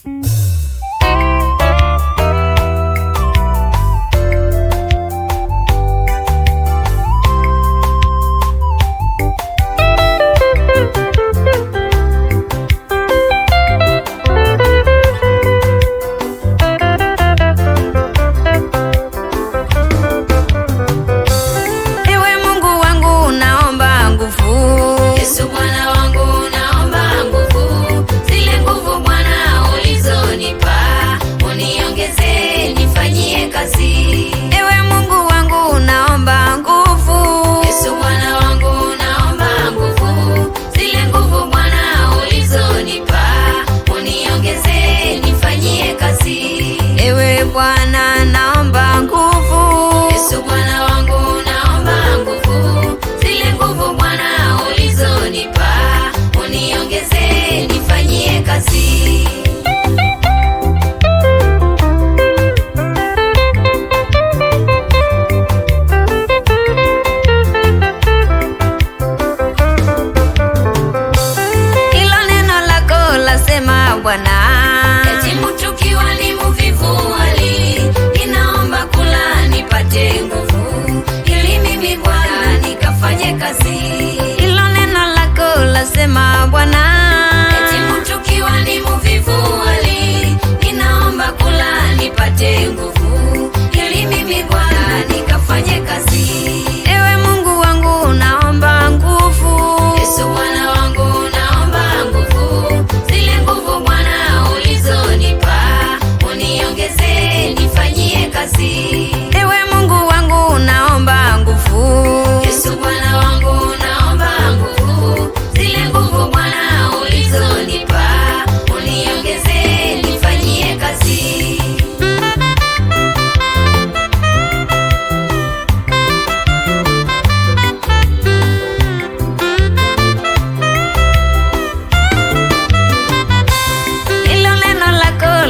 Thank you. Y la nena la cola se maguana.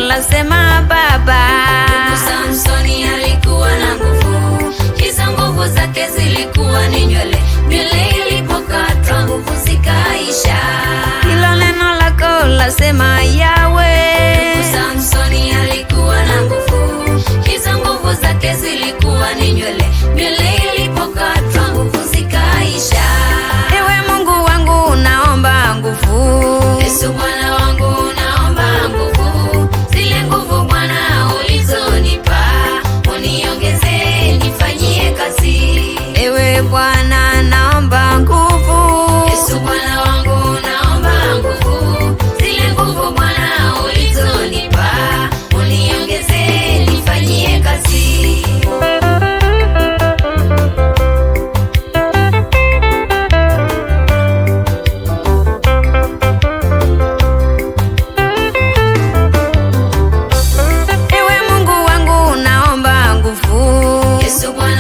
lasema baba. Samsoni alikuwa na nguvu, hizo nguvu zake zilikuwa ni nywele. Nywele ilipokatwa nguvu zikaisha. neno lako lasema yawe. Samsoni alikuwa na nguvu, nguvu zake zilikuwa ni nywele. Nywele ilipokatwa nguvu zikaisha. Ewe Mungu wangu, naomba nguvu so one